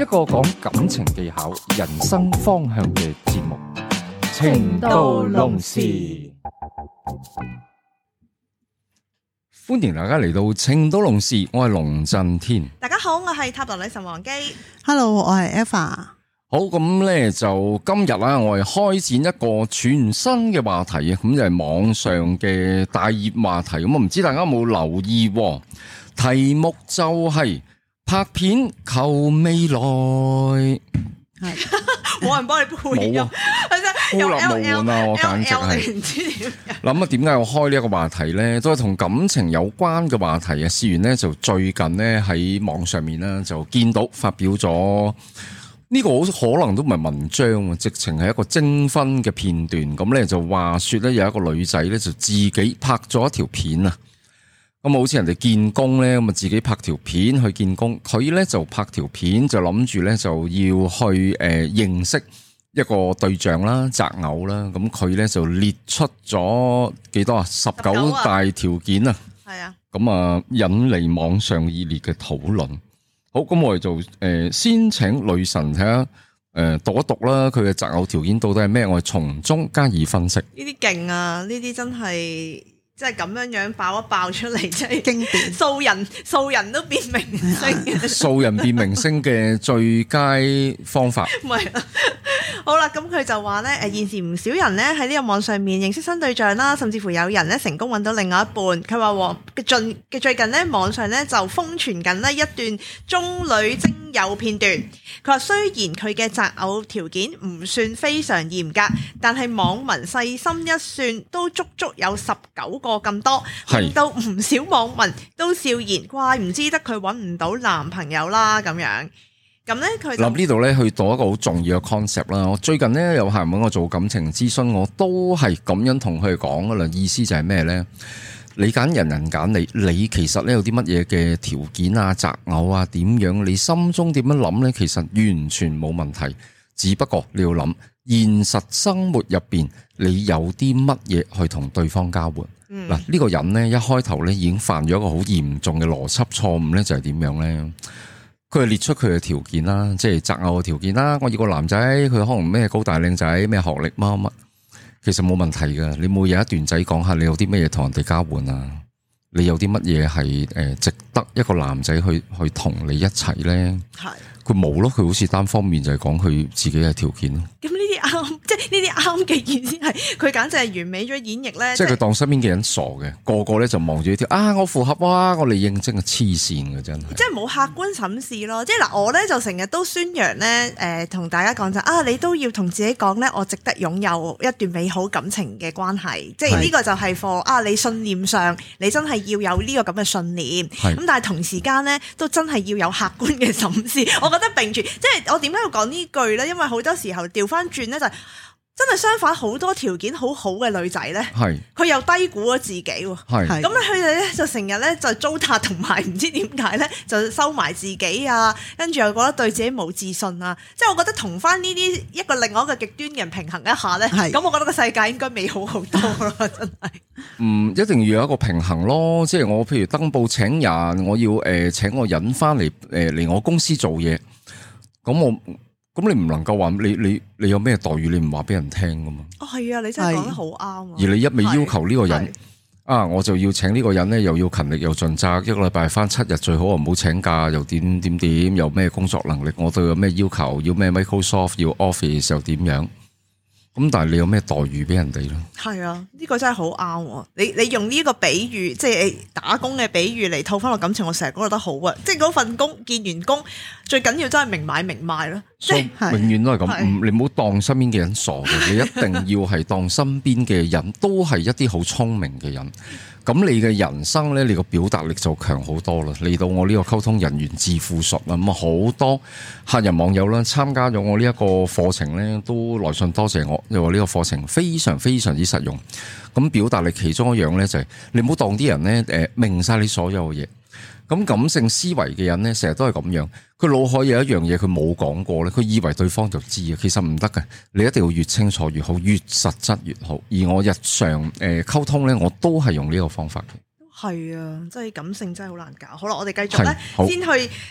一個講感情技巧、人生方向嘅節目《情到濃時》，歡迎大家嚟到《情到濃時》，我係龍震天。大家好，我係塔羅女神王姬。Hello，我係 Eva。好，咁咧就今日喇，我哋開展一個全新嘅話題啊！咁就係網上嘅大熱話題。咁我唔知大家有冇留意，題目就係。拍片求未來，係，冇人幫你配音，係真孤立無援啊！我簡直係。諗下啊，點解我開呢一個話題咧？都係同感情有關嘅話題啊。事源咧就最近呢喺網上面呢，就見到發表咗呢、這個好可能都唔係文章，直情係一個徵婚嘅片段。咁咧就話說咧，有一個女仔咧就自己拍咗一條片啊。咁好似人哋徵婚咧，咁啊自己拍條片去徵婚。佢咧就拍條片，就諗住咧就要去誒、呃、認識一個對象啦、擇偶啦。咁佢咧就列出咗幾多啊？十九大條件啊，係啊。咁啊，引嚟網上熱烈嘅討論。啊、好，咁我哋就誒、呃、先請女神睇下，誒、呃、讀一讀啦，佢嘅擇偶條件到底係咩？我哋從中加以分析。呢啲勁啊！呢啲真係。即係咁樣樣，爆一爆出嚟，即係經典素人，素人都變明星，素人變明星嘅最佳方法。唔係 好啦，咁佢就話呢，誒現時唔少人呢喺呢個網上面認識新對象啦，甚至乎有人呢成功揾到另外一半。佢話王嘅近嘅最近呢，網上呢就瘋傳緊呢一段中女徵。有片段，佢話雖然佢嘅擇偶條件唔算非常嚴格，但係網民細心一算，都足足有十九個咁多，令到唔少網民都笑言，怪唔之得佢揾唔到男朋友啦咁樣。咁呢佢，臨呢度呢去到一個好重要嘅 concept 啦。我最近呢有客揾我做感情諮詢，我都係咁樣同佢講㗎啦。意思就係咩呢？你揀人人揀你，你其實咧有啲乜嘢嘅條件啊、擇偶啊、點樣？你心中點樣諗呢？其實完全冇問題，只不過你要諗現實生活入邊，你有啲乜嘢去同對方交換？嗱、嗯，呢個人呢一開頭咧已經犯咗一個好嚴重嘅邏輯錯誤呢，就係、是、點樣呢？佢係列出佢嘅條件啦，即係擇偶嘅條件啦。我要個男仔，佢可能咩高大靚仔，咩學歷乜乜。其實冇問題㗎，你冇有一段仔講下你什麼跟，你有啲咩嘢同人哋交換啊？你有啲乜嘢係誒值得一個男仔去去同你一齊呢？係。佢冇咯，佢好似單方面就係講佢自己嘅條件咯。咁呢啲啱，即係呢啲啱嘅意思係佢簡直係完美咗演繹咧。即係是佢當身邊嘅人傻嘅，個個咧就望住呢條啊，我符合啊，我哋認真嘅黐線嘅真係。即係冇客觀審視咯，即係嗱我咧就成日都宣揚咧誒、呃，同大家講就啊，你都要同自己講咧，我值得擁有一段美好感情嘅關係。即係呢是個就係課啊，你信念上你真係要有呢個咁嘅信念。咁是但係同時間咧都真係要有客觀嘅審視，我覺。得並住，即係我點解要講呢句咧？因為好多時候調翻轉咧，就真係相反，相反多條好多條件好好嘅女仔咧，係佢是又低估咗自己，係咁咧，佢哋咧就成日咧就糟蹋，同埋唔知點解咧就收埋自己啊，跟住又覺得對自己冇自信啊。即係我覺得同翻呢啲一個另外一個極端嘅人平衡一下咧，咁是我覺得個世界應該美好好多咯，真係。嗯，一定要有一個平衡咯。即係我譬如登報請人，我要誒請我引翻嚟誒嚟我公司做嘢。咁我咁你唔能夠話你你你有咩待遇你唔話俾人聽噶嘛？哦係啊，你真係講得好啱啊！而你一味要求呢個人啊，我就要請呢個人呢，又要勤力又盡責，一個禮拜翻七日最好，唔好請假，又點點點，又咩工作能力，我對佢有咩要求，要咩 Microsoft，要 Office 又點樣？咁但係你有咩待遇俾人哋咯？係啊，呢、這個真係好啱。你你用呢個比喻，即、就、係、是、打工嘅比喻嚟套翻個感情。我成日都覺得好啊，即係嗰份工見完工，最緊要真係明買明賣咯。啊啊啊、永遠都係咁，啊啊、你唔好當身邊嘅人傻嘅，你一定要係當身邊嘅人都係一啲好聰明嘅人。 咁你嘅人生呢，你個表達力就強好多啦，嚟到我呢個溝通人員致富術啦，咁好多客人網友啦，參加咗我呢一個課程呢，都來信多謝我，你話呢個課程非常非常之實用。咁表達力其中一樣呢，就係、是，你唔好當啲人呢，誒明晒你所有嘅嘢。咁感性思維嘅人呢，成日都係咁樣，佢腦海有一樣嘢佢冇講過咧，佢以為對方就知嘅，其實唔得嘅，你一定要越清楚越好，越實質越好。而我日常誒溝通咧，我都係用呢個方法嘅。係啊，真係感性真係好難搞。好啦，我哋繼續咧，先去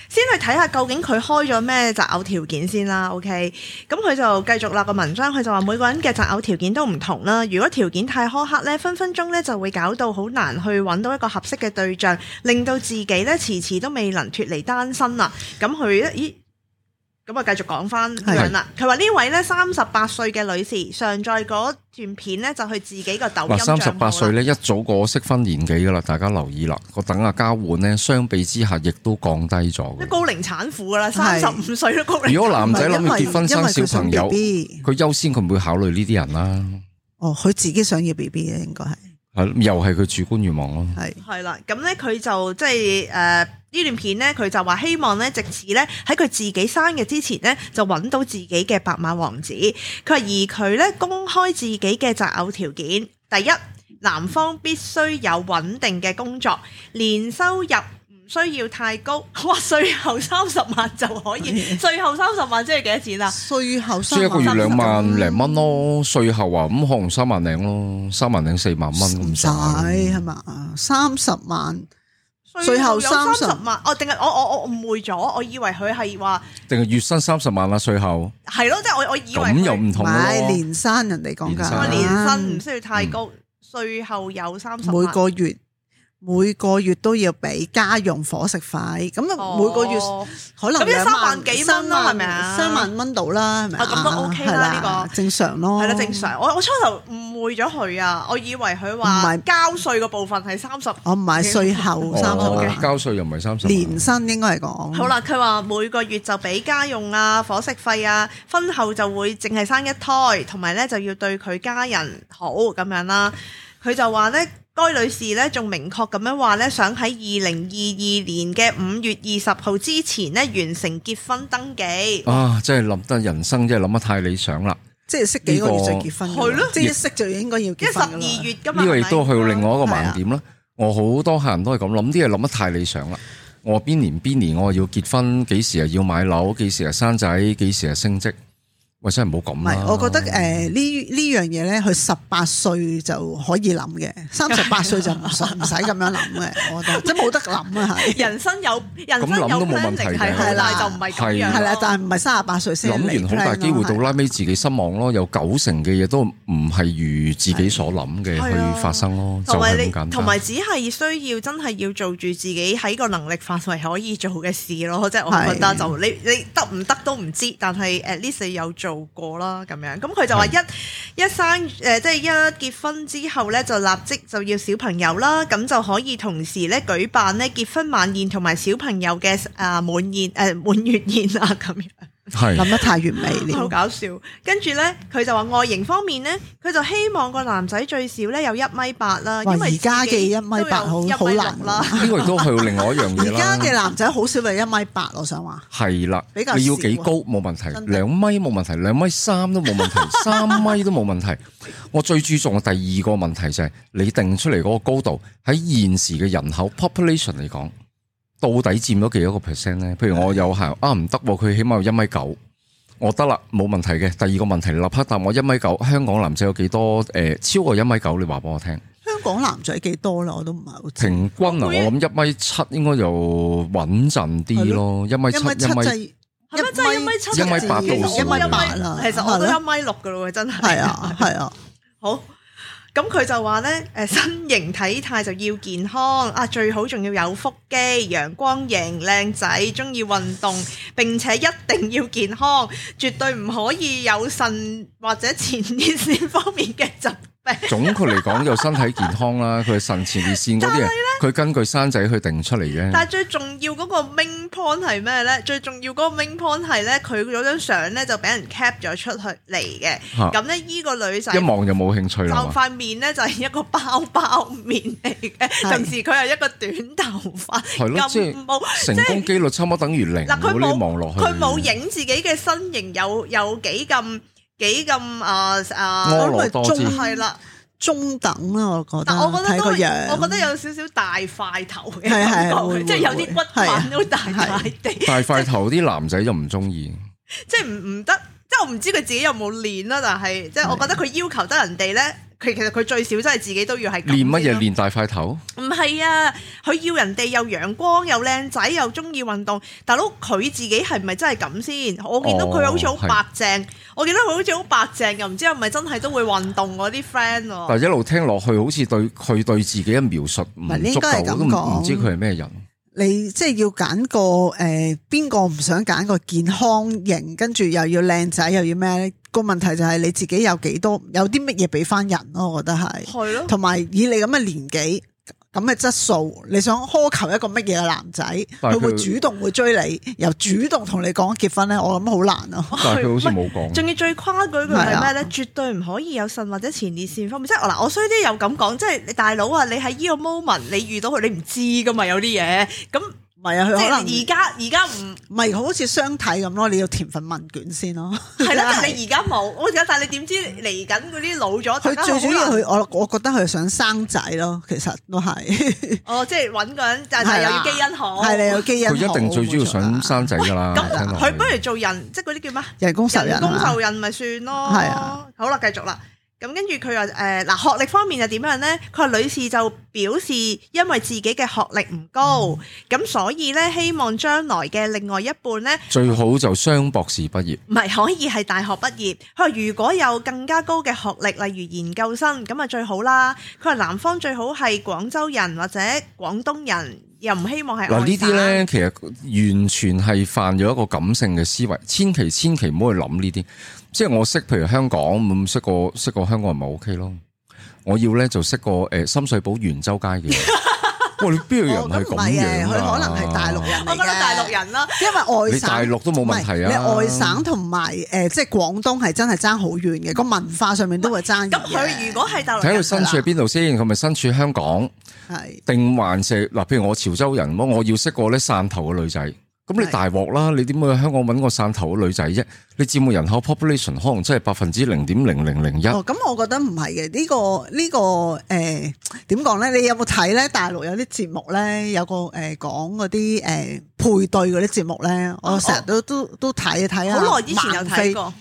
先去睇下究竟佢開咗咩擇偶條件先啦。OK，咁佢就繼續立個文章，佢就話每個人嘅擇偶條件都唔同啦。如果條件太苛刻咧，分分鐘咧就會搞到好難去揾到一個合適嘅對象，令到自己咧遲遲都未能脫離單身啦。咁佢咧，咦？咁啊，繼續講翻啦。佢話呢位咧三十八歲嘅女士，上載嗰段片咧就佢自己個抖音賬號。三十八歲咧一早過適婚年紀噶啦，大家留意啦。我等下交換咧，相比之下亦都降低咗。高齡產婦噶啦，三十五歲都高齡。如果男仔諗結婚生小朋友，佢優先佢唔會考慮呢啲人啦。哦，佢自己想要 B B 嘅應該係，係又係佢主觀願望咯。係係啦，咁咧佢就即係誒。呃呢段片咧，佢就話希望咧，直至咧喺佢自己生日之前咧，就揾到自己嘅白馬王子。佢話而佢咧公開自己嘅擇偶條件，第一，男方必須有穩定嘅工作，年收入唔需要太高，稅後三十萬就可以。稅後三十萬即係幾多錢啊？稅後即係一個月兩萬零蚊咯，稅後啊，咁可能三萬零咯，三萬零四萬蚊咁。唔使係嘛，三十萬。稅後三十萬，哦，定係我我我誤會咗，我以為佢係話，定係月薪三十萬啊？稅後係咯，即係我我以為咁又唔同咯，係年薪人哋講噶，年薪唔需要太高，稅、嗯、後有三十萬每個月。每個月都要俾家用伙食費，咁啊每個月可能兩萬三萬蚊度啦，係咪啊？咁都 OK 啦，呢個正常咯。係啦，正常。我我初頭誤會咗佢啊，我以為佢話交稅嘅部分係三十，我唔係稅後三十、哦，交稅又唔係三十。年薪應該係講。好啦，佢話每個月就俾家用啊、伙食費啊，婚後就會淨係生一胎，同埋咧就要對佢家人好咁樣啦。佢就話咧。該女士咧，仲明確咁樣話咧，想喺二零二二年嘅五月二十號之前咧完成結婚登記。啊，真係諗得人生，真係諗得太理想啦！即係識幾個月就想結婚，係咯、這個？了即係一識就應該要結婚噶啦。呢個亦都係去到另外一個盲點啦。是啊、我好多客人都係咁諗，啲嘢諗得太理想啦。我邊年邊年我要結婚，幾時啊要買樓，幾時啊生仔，幾時啊升職。喂，真係唔好咁啦。唔係，我覺得誒呢呢樣嘢咧，佢十八歲就可以諗嘅，三十八歲就唔使唔使咁樣諗嘅。我覺得即冇得諗啊，人生有人生有新力，係啦，就唔係咁樣咯。係啦，就係唔係三十八歲先諗完好大機會到拉尾自己失望咯。有九成嘅嘢都唔係如自己所諗嘅去發生咯，就係咁簡單。同埋只係需要真係要做住自己喺個能力範圍可以做嘅事咯，即係我覺得就你你得唔得都唔知，但係 at least 有做。做過啦，咁樣，咁佢就話一一生，誒、呃，即係一結婚之後咧，就立即就要小朋友啦，咁就可以同時咧舉辦咧結婚晚宴同埋小朋友嘅啊滿宴誒滿、呃、滿月宴啊，咁樣。係諗是得太完美， 好搞笑。跟住呢，佢就話外形方面呢，佢就希望個男仔最少呢有一米八啦。因為，而家嘅一米八好好難啦。呢個亦都係另外一樣嘢。而家嘅男仔好少係一米八，我想話。係啦了，比較，你要幾高，冇問題，兩米冇問題，兩米三都冇問題，三米都冇問題。 我最注重嘅第二個問題就係你定出嚟嗰個高度，喺現時嘅人口 population 嚟講。到底佔咗幾多個 percent 咧？譬如我有效，啊，唔得，佢起碼有一米九，我得啦，冇問題嘅。第二個問題，立刻答我一米九，香港男仔有幾多？誒，超過一米九，你話俾我聽。香港男仔幾多啦？我都唔係好。平均啊，我諗一米七應該就穩陣啲咯。一米七一米一米真一米七一米八一米八。米其實我都一米六噶啦，真係啊，係啊，好。咁佢就話咧，誒身形體態就要健康啊，最好仲要有腹肌、陽光型、靚仔，中意運動並且一定要健康，絕對唔可以有腎或者前列腺方面嘅疾。 總括嚟講就身體健康啦，佢係神前腺嗰啲，佢根據生仔去定出嚟嘅。但係最重要嗰個 main point 係咩咧？最重要嗰個 main point 係咧，佢有張相咧就俾人 cap 咗出去嚟嘅。咁咧依個女仔一望就冇興趣啦。塊面咧就係一個包包面嚟嘅，的同時佢係一個短頭髮，咁冇的是成功機率差唔多等於零。嗱佢冇望落去，佢冇影自己嘅身形有有幾咁。幾咁啊啊，可唔可中係啦？中等啦，我覺得。但係我覺得都係，樣我覺得有少少大塊頭嘅，即係有啲骨盤都大塊地，啊。 大塊頭啲男仔就唔中意，即係唔唔得，即係我唔知佢自己有冇練啦，但係即係我覺得佢要求得人哋咧。其實佢最少真係自己都要係咁練，乜嘢練大塊頭？唔係啊，佢要人哋又陽光又靚仔又中意運動。大佬佢自己係咪真係咁先？我見到佢好似好白淨，哦、我見到佢好似好白淨，又唔知係咪真係都會運動嗰啲 friend。但係一路聽落去，好似對佢對自己嘅描述唔係應該係咁講，唔知佢係咩人。你即係要揀個誒邊個唔想揀個健康型，跟住又要靚仔又要咩咧？個問題就係你自己有幾多，有啲乜嘢俾翻人咯，啊？我覺得係，係咯的，同埋以你咁嘅年紀，咁嘅質素，你想苛求一個乜嘢嘅男仔，佢他會主動會追你，又主動同你講結婚咧？我諗好難啊！但係佢好似冇講，仲要最誇張嗰句係咩咧？的絕對唔可以有腎或者前列腺方面，即係我嗱，我衰啲又咁講，即係你大佬啊，你喺呢個 moment 你遇到佢，你唔知噶嘛，有啲嘢咁。唔係啊，佢可能，即係而家而家唔唔係好似相睇咁咯，你要填份問卷先咯。係啦的的，但係你而家冇，我而家但係你點知嚟緊嗰啲老咗？佢最主要佢我我覺得佢想生仔咯，其實都係。哦，即係揾個人，但係又要基因好。係啦，有基因好。佢一定最主要想生仔㗎啦。咁佢不如做人，即係嗰啲叫咩？人工，人，啊、人工受孕，人工受孕咪算咯。係啊的，好啦，繼續啦。咁跟住佢話誒嗱，學歷方面又點樣呢？佢話，女士就表示因為自己嘅學歷唔高，咁、嗯、所以呢，希望將來嘅另外一半呢，最好就雙博士畢業，唔係可以係大學畢業。佢話如果有更加高嘅學歷，例如研究生，咁啊最好啦。佢話男方最好係廣州人或者廣東人。又唔希望係嗱呢啲咧，其實完全係犯咗一個感性嘅思維，千祈千祈唔好去諗呢啲。即係我識，譬如香港，咁、嗯、識個識個香港人咪 O K 咯。我要咧就識個誒、呃、深水埗元州街嘅。 你邊度人？係咁嘅，佢可能係大陸人嚟嘅，我覺得大陸人啦，因為外省你大陸都冇問題啊，你外省同埋誒，即係廣東係真係爭好遠嘅，個文化上面都會爭。咁佢如果係大陸人，睇佢身處喺邊度先，佢咪身處香港，定還是嗱？譬如我潮州人，我我要識過啲汕頭嘅女仔。咁你大鑊啦！的你點會去香港搵個汕頭嘅女仔啫？你總人口 population 可能真係百分之零點零零零一。哦，咁我覺得唔係嘅，這個這個呃、呢個呢個誒點講咧？你有冇睇咧？大陸有啲節目咧，有個誒、呃、講嗰啲誒配對嗰啲節目咧，我成日都、哦、都都睇睇啊！好耐以前有睇過，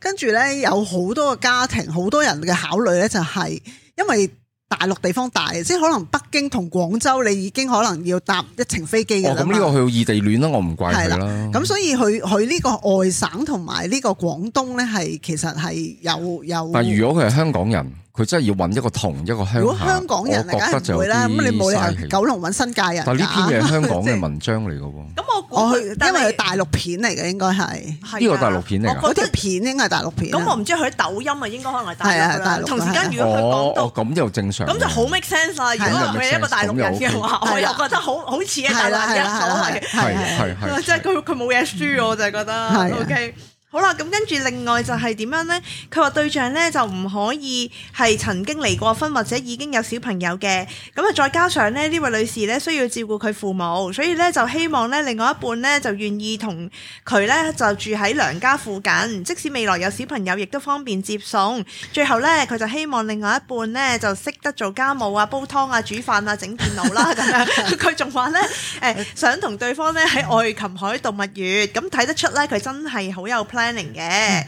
跟住咧有好多個家庭，好多人嘅考慮咧就係、是、因為。大陸地方大，即係可能北京同廣州，你已經可能要搭一程飛機㗎啦。哦，咁呢個去異地戀啦，我唔怪佢啦。咁所以佢佢呢個外省同埋呢個廣東呢，係其實係有有。有，但如果佢係香港人。佢真係要揾一個同一個鄉下，如果香港人覺得就啦，咁你冇理由喺九龍揾新界人，但呢篇嘢係香港嘅文章嚟嘅喎。咁我我去，因為佢大陸片嚟嘅，應該係呢個大陸片嚟。我覺得片應該係大陸片。咁我唔知佢喺抖音啊，應該可能係大陸。同時間如果佢講到，咁又正常。咁就好 make sense 啦。如果佢係一個大陸人嘅話，我又覺得好好似啊大陸人所係係係，即係佢佢冇嘢輸，我就覺得 OK。好啦，咁跟住另外就係點樣咧？佢話對象咧就唔可以係曾經離過婚或者已經有小朋友嘅。咁啊，再加上咧呢位女士咧需要照顧佢父母，所以咧就希望咧另外一半咧就願意同佢咧就住喺娘家附近。即使未來有小朋友，亦都方便接送。最後咧，佢就希望另外一半咧就識得做家務啊、煲湯啊、煮飯啊、整電腦啦咁樣。佢仲話咧誒想同對方咧喺愛琴海度蜜月。咁睇得出咧佢真係好有 plan。嘅，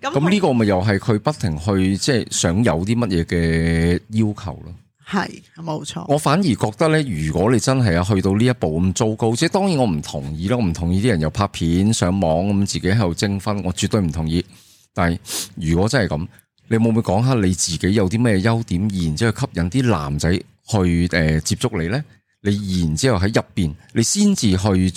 咁呢個咪又係佢不停去即係、就是、想有啲乜嘢嘅要求咯？係冇錯。錯我反而覺得咧，如果你真係有去到呢一步咁糟糕，即係當然我唔同意咯。我唔同意啲人又拍片上網咁，自己喺度徵婚，我絕對唔同意。但係如果真係咁，你會唔會講下你自己有啲咩優點，然之後吸引啲男仔去誒接觸你咧？你然之後喺入邊，你先至去再去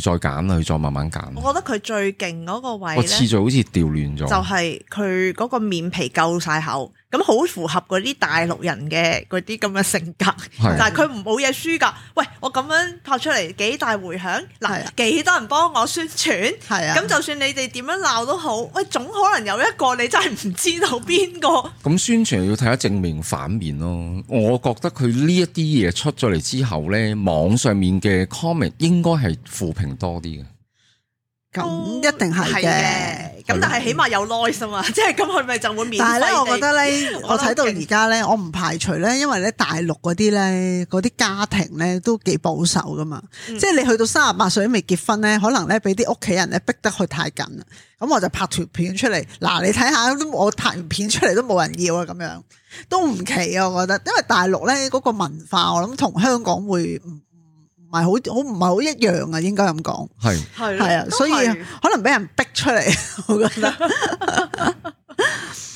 再揀，去再慢慢揀。我覺得佢最勁嗰個位咧，我次序好似掉亂咗。就係佢嗰個面皮夠晒厚。咁好符合嗰啲大陸人嘅嗰啲咁嘅性格，啊、但係佢唔冇嘢輸噶。喂，我咁樣拍出嚟幾大回響，嗱、啊，幾多人幫我宣傳，咁、啊、就算你哋點樣鬧都好，喂，總可能有一個你真係唔知道邊個。咁 宣傳要睇下正面反面咯。我覺得佢呢一啲嘢出咗嚟之後呢，網上面嘅 comment 應該係負評多啲嘅。咁、哦、一定係嘅，咁的但係起碼有耐性啊即係咁佢咪就滿面。但係咧，我覺得咧， 我睇到而家咧，我唔排除咧，因為咧大陸嗰啲咧，嗰啲家庭咧都幾保守噶嘛，嗯、即係你去到三十八歲都未結婚咧，可能咧俾啲屋企人咧逼得佢太緊啦。咁我就拍條片出嚟，嗱 你睇下我拍完片出嚟都冇人要啊，咁樣都唔奇啊，我覺得，因為大陸咧嗰個文化，我諗同香港會唔係好好唔係好一樣啊，應該咁講。係係啊，所以可能俾人逼出嚟，我覺得。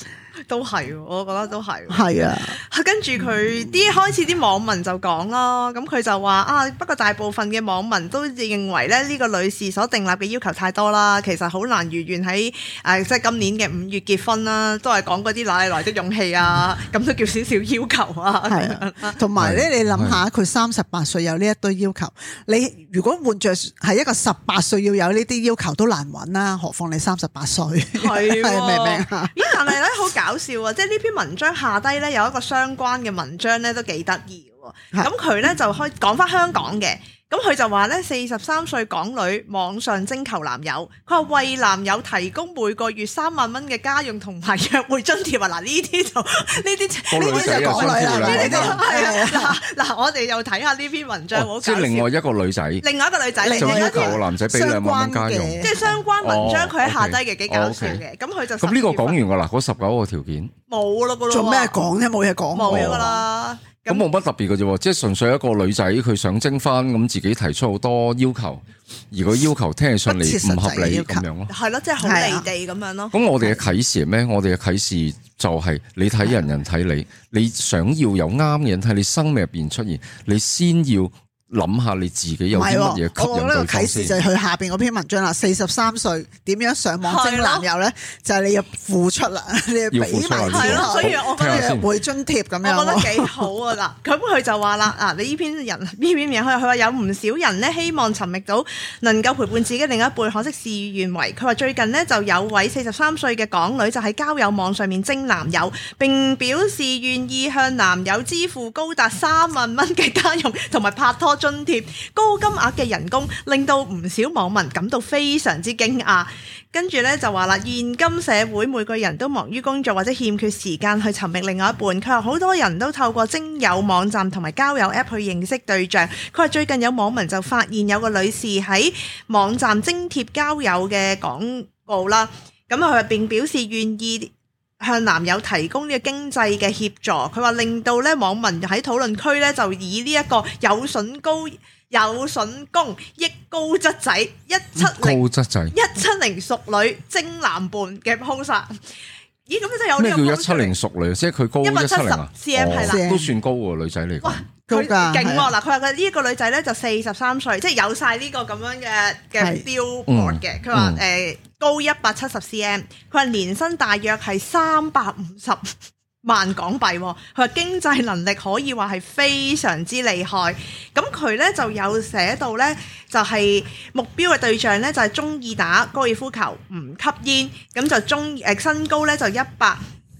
都係，我覺得都係。係啊，跟住佢啲開始啲網民就講啦，咁佢就話啊，不過大部分嘅網民都認為咧，呢個女士所訂立嘅要求太多啦，其實好難如願喺誒，即係今年嘅五月結婚啦，都係講嗰啲哪裏來的勇氣啊，咁都叫少少要求啊。係啊，同埋咧，的你諗下佢三十八歲有呢一堆要求，你如果換着係一個十八歲要有呢啲要求都難揾啦，何況你三十八歲係，明唔明？但係咧，好搞笑啊！即係呢篇文章下低咧，有一個相關嘅文章咧，都幾得意。咁佢咧就開講翻香港嘅，咁佢就話咧，四十三歲港女網上徵求男友，佢話為男友提供每個月三萬蚊嘅家用同埋約會津貼啊！嗱，呢啲就呢啲呢啲就港女啦，呢啲嗱，我哋又睇下呢篇文章好搞笑。即係另外一個女仔，另外一個女仔，另一個男仔俾兩萬蚊家用，即係相關文章佢喺下低嘅幾搞笑嘅，咁佢就咁呢個講完噶啦，嗰十九個條件冇啦，做咩講咧？冇嘢講冇嘢噶啦。咁冇乜特別嘅啫，即係純粹一個女仔，佢想徵婚，咁自己提出好多要求，而個要求聽起上嚟唔合理咁樣咯，係咯，即係好地地咁樣咯。咁是、啊、我哋嘅啟示係咩？我哋嘅啟示就係你睇人人睇是、啊、你，你想要有啱嘅人喺你生命入邊出現，你先要。諗下你自己有啲乜嘢吸引、啊、我覺得啟示就係佢下邊嗰篇文章啦。四十三歲點樣上網徵男友呢？啊、就係你要付出啦，你要俾，係咯。所以我覺得會津貼咁樣，我覺得幾好啊！嗱，咁佢就話啦，嗱，你呢篇人依篇嘢，佢話有唔少人呢，希望尋覓到能夠陪伴自己另一半。可惜事與願違。佢話最近呢，就有位四十三歲嘅港女就喺交友網上面徵男友，並表示願意向男友支付高達三萬蚊嘅家用同埋拍拖。津貼高金額嘅人工，令到唔少網民感到非常之驚訝。跟住咧就話啦，現今社會每個人都忙於工作或者欠缺時間去尋覓另外一半。佢話好多人都透過徵友網站同埋交友 App 去認識對象。佢話最近有網民就發現有個女士喺網站徵貼交友嘅廣告啦。咁啊佢並表示願意。向男友提供呢個經濟嘅協助，佢話令到咧網民喺討論區咧就以呢一個有筍高、有筍工、亦高質仔一七零、高質仔一七零熟女徵男伴嘅鋪殺。 咦？咁真係有呢個？叫一七零熟女？即係佢高一百七十 cm 係啦，都、哦、的算高喎，女仔嚟講。哇佢勁喎，嗱，佢話佢呢個女仔咧就四十三歲，的即係有晒呢個咁樣嘅嘅 deal board 嘅。佢話誒高一百七十 cm，佢話、嗯、年薪大約係三百五十萬港幣。佢話經濟能力可以話係非常之厲害。咁佢咧就有寫到咧，就係目標嘅對象咧就係中意打高爾夫球，唔吸煙，咁就中誒身高咧就一百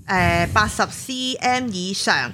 誒八十 cm 以上。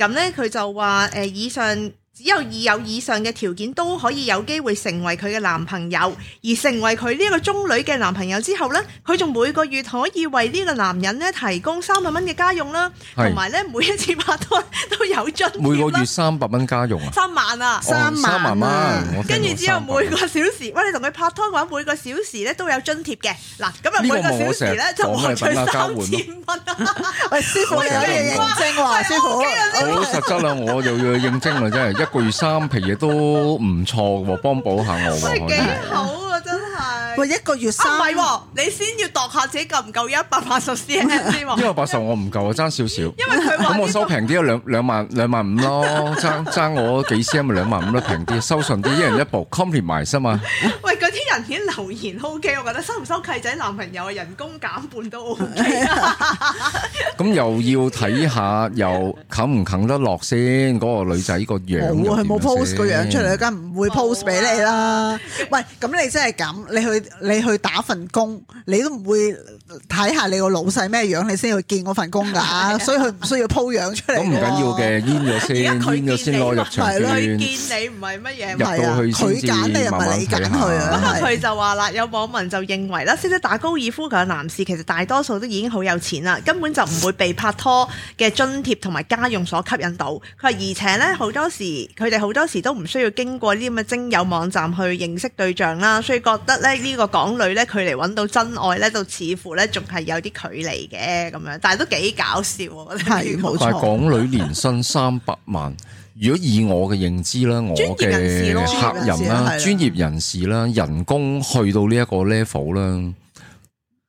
咁咧，佢就話誒，呃，以上。只有二有以上嘅條件都可以有機會成為佢嘅男朋友，而成為佢呢個中女嘅男朋友之後呢，佢仲每個月可以為呢個男人呢提供三百蚊嘅家用啦，同埋呢，每一次拍拖都有津貼。每個月三百蚊家用啊？三萬啊，三萬蚊。跟住之後每個小時，喂，你同佢拍拖嘅話，每個小時呢都有津貼嘅。嗱，咁啊每個小時呢，就攞去三千蚊啊！喂，師傅有認真話，師傅好實質啊！我就要去應徵啊，真係一個月三皮嘢都唔錯嘅，幫補下我。真係幾好啊，真係。喂，一個月三。唔係，啊啊，你先要度下自己夠唔夠一百八十 CM 先。一百八十我唔夠啊，爭少少。點點 因為佢，咁我收平啲，兩兩萬兩萬五咯，爭爭我幾 CM 咪兩萬五都平啲收順啲，一人一部，combine 埋啫嘛。 人家留言 O K，我覺得收唔收契仔男朋友啊，人工減半都 O K 啦。咁又要睇下又啃唔啃得落先，嗰個女仔個樣。哦佢冇 post 個樣出嚟，梗唔會 post 俾你啦。喂，咁你真係咁，你去你去打份工，你都唔會睇下你個老細咩樣，你先去見嗰份工㗎。所以佢唔需要 po 樣出嚟。咁唔緊要嘅，煙咗先，煙咗先攞入場券。見你唔係乜嘢，係佢揀你，唔係你揀佢啊，入到去先至慢慢睇下。佢就話啦，有網民就認為啦，即使打高爾夫球嘅男士其實大多數都已經好有錢啦，根本就唔會被拍拖嘅津貼同埋家用所吸引到。佢話，而且呢，好多時佢哋好多時都唔需要經過啲咁嘅徵友網站去認識對象啦，所以覺得咧呢、呢個港女呢，佢離揾到真愛呢，就似乎呢仲係有啲距離嘅咁樣，但係都幾搞笑。係，冇錯。港女年薪三百萬。 如果以我嘅認知啦，我嘅客人啦，專業人士啦、啊，人工去到呢一個 level 啦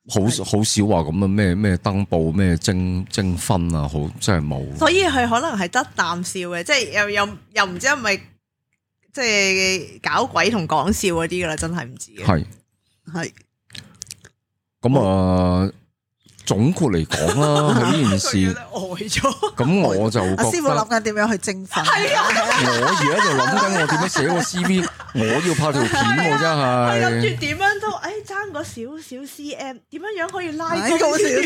是的，好好少話咁嘅咩咩登報咩徵徵婚啊，好，真係冇。所以佢可能係得啖笑嘅，即係又又又唔知係咪即係搞鬼同講笑嗰啲噶啦，真係唔知嘅的。係係咁啊！的總括嚟講啦，佢呢件事，呆咗。咁我就覺得師傅諗緊點樣去徵婚。係啊，我而家就諗緊我點樣寫個 CV，我要拍條片我真係諗住點樣都，誒爭個少少 CM，點樣樣可以拉高少少？有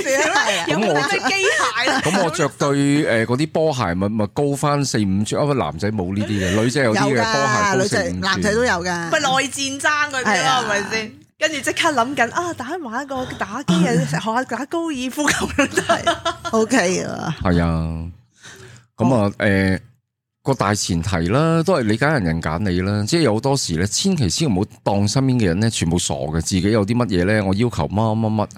機械？咁我着對誒嗰啲波鞋，咪咪高翻四五吋。因為男仔冇呢啲嘅，女仔有啲嘅波鞋高四，男仔都有嘅，咪內戰爭佢哋咯，係咪先？跟住即刻諗緊啊！打埋一個打機嘅，學下、啊、打高爾夫球都係 OK 了 啊！係啊，咁、呃、啊，誒、那，個大前提啦，都係你揀人，人揀你啦。即係有好多時咧，千祈千祈唔好當身邊嘅人咧，全部傻嘅。自己有啲乜嘢咧，我要求乜乜乜乜，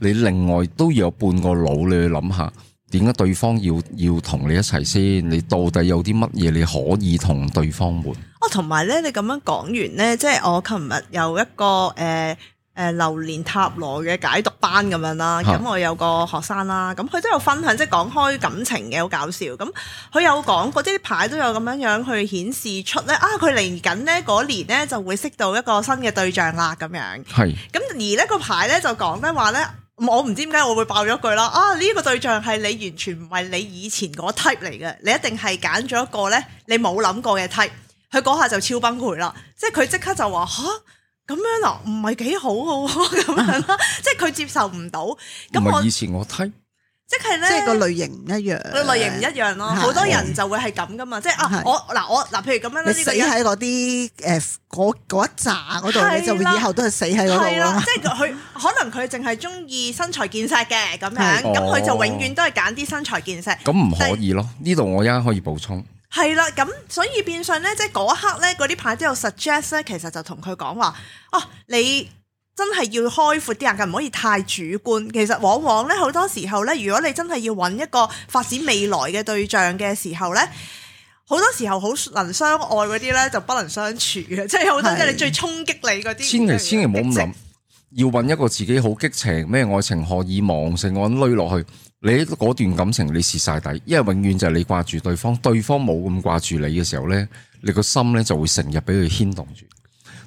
你另外都要有半個腦，你去諗下。點解對方要要同你一齊先？你到底有啲乜嘢你可以同對方換？哦、啊，同埋咧，你咁樣講完咧，即係我琴日有一個誒誒、呃呃、流年塔羅嘅解讀班咁樣啦。咁、啊、我有個學生啦，咁佢都有分享，即係講開感情嘅好搞笑。咁佢有講過，即係牌都有咁樣樣去顯示出咧，啊，佢嚟緊咧嗰年咧就會識到一個新嘅對象啦，咁樣。係是。咁而呢、那個牌咧就講咧話咧。我唔知點解我會爆咗句啦，啊，呢個對象係你完全唔係你以前嗰 type 嚟嘅，你一定係揀咗一個咧你冇諗過嘅 type，佢嗰下就超崩潰啦，即係佢即刻就話吓咁樣啊，唔係幾好嘅，咁樣啦， 即係佢接受唔到，咁 我意思我睇。即係咧，即係個類型唔一樣，個類型唔一樣咯。好多人就會係咁噶嘛，即係啊，我嗱我嗱，譬如咁樣咧，你死喺嗰啲誒嗰一紮嗰度咧，就會以後都係死喺度。係啦，即係佢可能佢淨係中意身材健碩嘅咁樣，咁佢就永遠都係揀啲身材健碩。咁唔可以咯？呢度我一陣可以補充。係啦，咁所以變相咧，即係嗰刻咧，嗰啲牌都有 suggest 咧，其實就同佢講話，哦，你。真係要開闊啲人，唔可以太主觀。其實往往呢，好多時候呢，如果你真係要揾一個發展未來嘅對象嘅時候呢，好多時候好能相愛嗰啲呢，就不能相處嘅，即係好多即係你最衝擊你嗰啲。千祈萬千祈唔好咁諗，情要揾一個自己好激情咩，愛情何以忘，成個人匿落去，你嗰段感情你蝕晒底，因為永遠就係你掛住對方，對方冇咁掛住你嘅時候呢，你個心呢就會成日俾佢牽動住。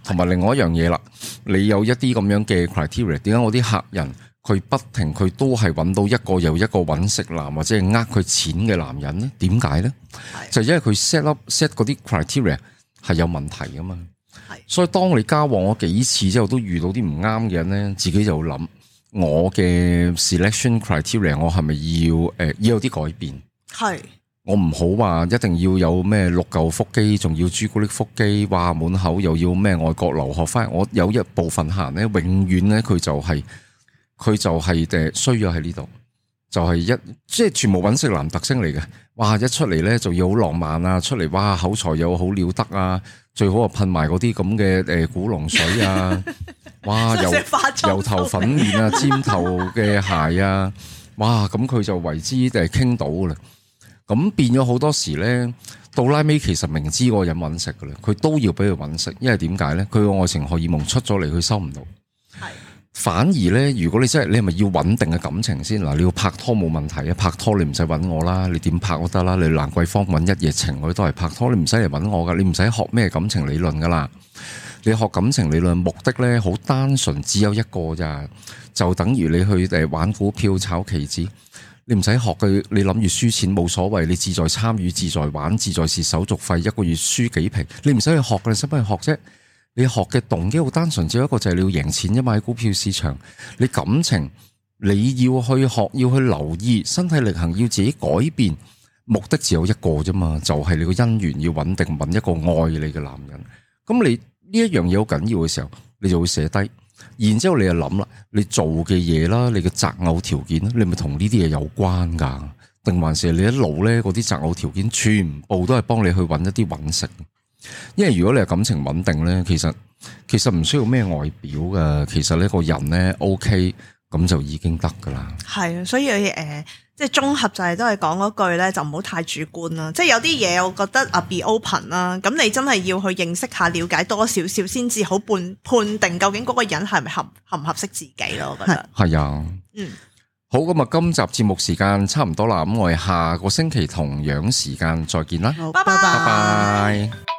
同埋另外一樣嘢啦，你有一啲咁樣嘅 criteria，點解我啲客人佢不停佢都係揾到一個又一個揾食男或者係呃佢錢嘅男人咧？點解咧？是的 就因為佢 set up set 嗰啲 criteria 係有問題啊嘛。係，是的 所以當你交往我幾次之後，都遇到啲唔啱嘅人咧，自己就諗我嘅 selection criteria，我係咪要誒、呃、要有啲改變？係。我唔好話一定要有咩六嚿腹肌，仲要朱古力腹肌，哇！滿口又要咩外國留學翻，我有一部分客人咧，永遠咧佢就係、是、佢就係誒衰咗喺呢度，就係、是、一即係全部揾食男特徵嚟嘅。哇！一出嚟咧就要好浪漫啊，出嚟哇口才又好了得啊，最好啊噴埋嗰啲咁嘅誒古龍水啊，哇，油頭粉面啊，尖頭嘅鞋啊，哇，咁佢就為之誒傾倒啦。咁變咗好多時咧，到拉尾其實明知個人穩食噶啦，佢都要俾佢穩食，因為點解咧？佢嘅愛情荷爾蒙出咗嚟，佢收唔到，係是的 反而咧。如果你真係你係咪要穩定嘅感情先嗱？你要拍拖冇問題啊，拍拖你唔使揾我啦，你點拍都得啦。你蘭桂坊揾一夜情，佢都係拍拖，你唔使嚟揾我噶，你唔使學咩感情理論噶啦。你學感情理論目的咧，好單純只有一個咋，就等於你去誒玩股票炒期指。你唔使學嘅，你諗住輸錢冇所謂，你自在參與、自在玩、自在蝕手續費，一個月輸幾皮？你唔使去學嘅，你使乜去學啫？你學嘅動機好單純，只有一個就係你要贏錢啫嘛。喺股票市場，你感情你要去學，要去留意，身體力行，要自己改變，目的只有一個啫嘛，就係、是、你個姻緣要穩定，揾一個愛你嘅男人。咁你呢一樣嘢好緊要嘅時候，你就會寫低。然之後你就諗啦，你做嘅嘢啦，你嘅擇偶條件，你咪同呢啲嘢有關噶？定還是你一路呢嗰啲擇偶條件全部都係幫你去揾一啲揾食？因為如果你係感情穩定呢，其實其實唔需要咩外表噶，其實呢個人呢 OK。咁就已經得噶啦，係啊，所以誒，即係綜合就係都係講嗰句咧，就唔好太主觀啦。即係有啲嘢，我覺得啊，be open 啦。咁你真係要去認識下、了解多少少，先至好判判定究竟嗰個人係咪合合唔合適自己咯。我覺得係啊，的嗯，好，咁啊，今集節目時間差唔多啦，咁我哋下個星期同樣時間再見啦，好，拜拜拜拜。